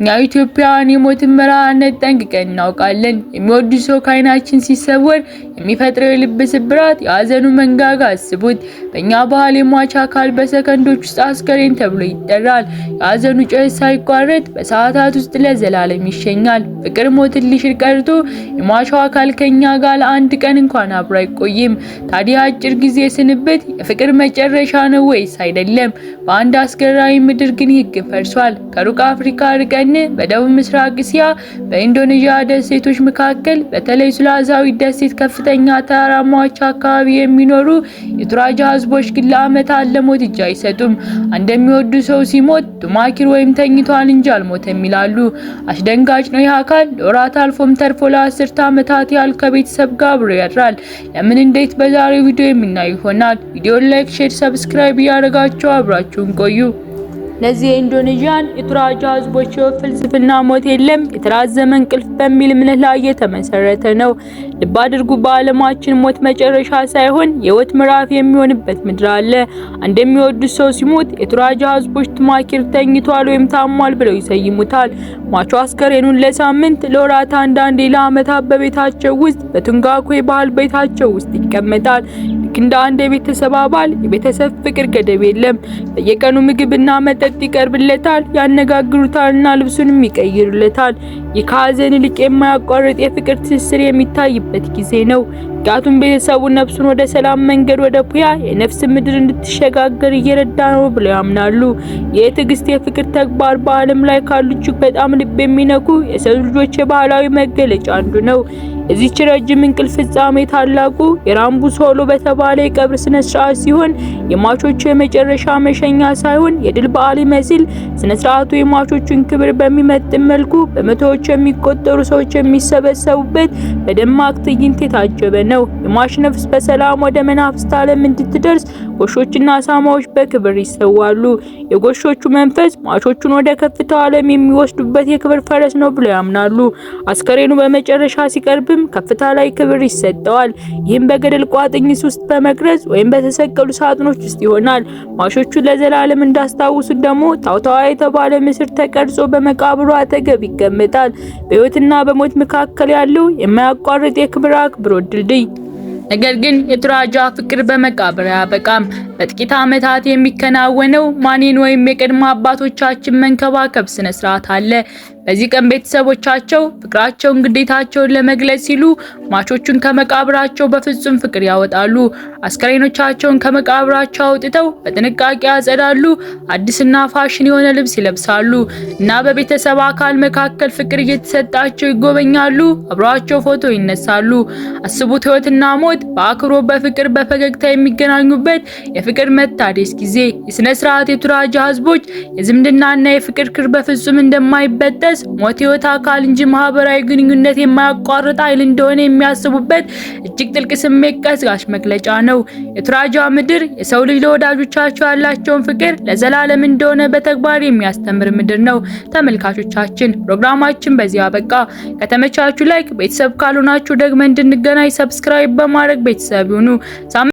እኛ ኢትዮጵያውያን የሞትን መራራነት ጠንቅቀን እናውቃለን። የሚወዱ ሰው ከዓይናችን ሲሰወር የሚፈጥረው የልብ ስብራት፣ የሀዘኑ መንጋጋ አስቡት። በእኛ ባህል የሟች አካል በሰከንዶች ውስጥ አስከሬን ተብሎ ይጠራል። የሀዘኑ ጩኸት ሳይቋረጥ በሰዓታት ውስጥ ለዘላለም ይሸኛል። ፍቅር ሞትን ሊሽር ቀርቶ የሟቹ አካል ከኛ ጋር ለአንድ ቀን እንኳን አብሮ አይቆይም። ታዲያ አጭር ጊዜ ስንብት የፍቅር መጨረሻ ነው ወይስ አይደለም? በአንድ አስገራዊ ምድር ግን ይህ ፈርሷል። ከሩቅ አፍሪካ ርቀን ዩኤን በደቡብ ምስራቅ እስያ በኢንዶኔዥያ ደሴቶች መካከል በተለይ ሱላዛዊ ደሴት ከፍተኛ ተራራማዎች አካባቢ የሚኖሩ የቱራጃ ህዝቦች ግን ለዓመታት ለሞት እጅ አይሰጡም። እንደሚወዱ ሰው ሲሞት ቱማኪር ወይም ተኝቷል እንጂ አልሞተም ይላሉ። አስደንጋጭ ነው። ይህ አካል ለወራት አልፎም ተርፎ ለአስርተ ዓመታት ያህል ከቤተሰብ ጋር አብሮ ያድራል። ለምን እንዴት? በዛሬው ቪዲዮ የምናየው ይሆናል። ቪዲዮን ላይክ፣ ሼር፣ ሰብስክራይብ እያደረጋችሁ አብራችሁን ቆዩ። ለዚህ የኢንዶኔዥያን የቱራጃ ህዝቦች ፍልስፍና ሞት የለም የተራዘመ እንቅልፍ በሚል እምነት ላይ የተመሰረተ ነው። ልብ አድርጉ፣ በዓለማችን ሞት መጨረሻ ሳይሆን የህይወት ምዕራፍ የሚሆንበት ምድር አለ። አንድ የሚወዱት ሰው ሲሞት የቱራጃ ህዝቦች ትማኪር ተኝቷል ወይም ታሟል ብለው ይሰይሙታል። ሟቹ አስከሬኑን ለሳምንት ለወራት፣ አንዳንዴ ለዓመታት በቤታቸው ውስጥ በቱንጋኮ የባህል ቤታቸው ውስጥ ይቀመጣል። ልክ እንደ አንድ የቤተሰብ አባል የቤተሰብ ፍቅር ገደብ የለም። በየቀኑ ምግብና መጠጥ መጠጥ ይቀርብለታል፣ ያነጋግሩታልና ልብሱንም ይቀይሩለታል። ይህ ይልቅ የማያቋርጥ የፍቅር ትስስር የሚታይበት ጊዜ ነው። ወጣቱን ቤተሰቡ ነፍሱን ወደ ሰላም መንገድ ወደ ፑያ የነፍስ ምድር እንድትሸጋገር እየረዳ ነው ብለው ያምናሉ። የትዕግስት የፍቅር ተግባር በዓለም ላይ ካሉ እጅግ በጣም ልብ የሚነኩ የሰው ልጆች የባህላዊ መገለጫ አንዱ ነው። የዚች ረጅም እንቅልፍ ፍጻሜ ታላቁ የራምቡ ሶሎ በተባለ የቀብር ስነ ስርዓት ሲሆን የሟቾቹ የመጨረሻ መሸኛ ሳይሆን የድል በዓል ይመስል ስነ ስርዓቱ የሟቾቹን ክብር በሚመጥን መልኩ በመቶዎች የሚቆጠሩ ሰዎች የሚሰበሰቡበት በደማቅ ትዕይንት የታጀበ ነው። ነው። የሟች ነፍስ በሰላም ወደ መናፍስት ዓለም እንድትደርስ ጎሾችና አሳማዎች በክብር ይሰዋሉ። የጎሾቹ መንፈስ ሟቾቹን ወደ ከፍታው ዓለም የሚወስዱበት የክብር ፈረስ ነው ብለው ያምናሉ። አስከሬኑ በመጨረሻ ሲቀርብም ከፍታ ላይ ክብር ይሰጠዋል። ይህም በገደል ቋጥኝት ውስጥ በመቅረጽ ወይም በተሰቀሉ ሳጥኖች ውስጥ ይሆናል። ሟቾቹ ለዘላለም እንዳስታውሱ ደግሞ ታውታዋ የተባለ ምስር ተቀርጾ በመቃብሩ አጠገብ ይቀመጣል። በሕይወትና በሞት መካከል ያለው የማያቋርጥ የክብር አክብሮት ድልድይ ነገር ግን የተደራጃ ፍቅር በመቃብር አያበቃም። በጥቂት ዓመታት የሚከናወነው ማኔን ወይም የቅድመ አባቶቻችን መንከባከብ ስነ ስርዓት አለ። በዚህ ቀን ቤተሰቦቻቸው ፍቅራቸውን፣ ግዴታቸውን ለመግለጽ ሲሉ ሟቾቹን ከመቃብራቸው በፍጹም ፍቅር ያወጣሉ። አስከሬኖቻቸውን ከመቃብራቸው አውጥተው በጥንቃቄ ያጸዳሉ። አዲስና ፋሽን የሆነ ልብስ ይለብሳሉ እና በቤተሰብ አካል መካከል ፍቅር እየተሰጣቸው ይጎበኛሉ። አብረዋቸው ፎቶ ይነሳሉ። አስቡት፣ ህይወትና ሞት በአክብሮ በፍቅር በፈገግታ የሚገናኙበት የ የፍቅር መታደስ ጊዜ የሥነ ስርዓት የቱራጃ ህዝቦች የዝምድናና የፍቅር ክር በፍጹም እንደማይበጠስ ሞት ህይወት አካል እንጂ ማህበራዊ ግንኙነት የማያቋርጥ ኃይል እንደሆነ የሚያስቡበት እጅግ ጥልቅ ስሜት ቀስቃሽ መግለጫ ነው። የቱራጃ ምድር የሰው ልጅ ለወዳጆቻቸው ያላቸውን ፍቅር ለዘላለም እንደሆነ በተግባር የሚያስተምር ምድር ነው። ተመልካቾቻችን ፕሮግራማችን በዚህ አበቃ። ከተመቻቹ ላይክ፣ ቤተሰብ ካልሆናችሁ ደግሞ እንድንገናኝ ሰብስክራይብ በማድረግ ቤተሰብ ይሁኑ።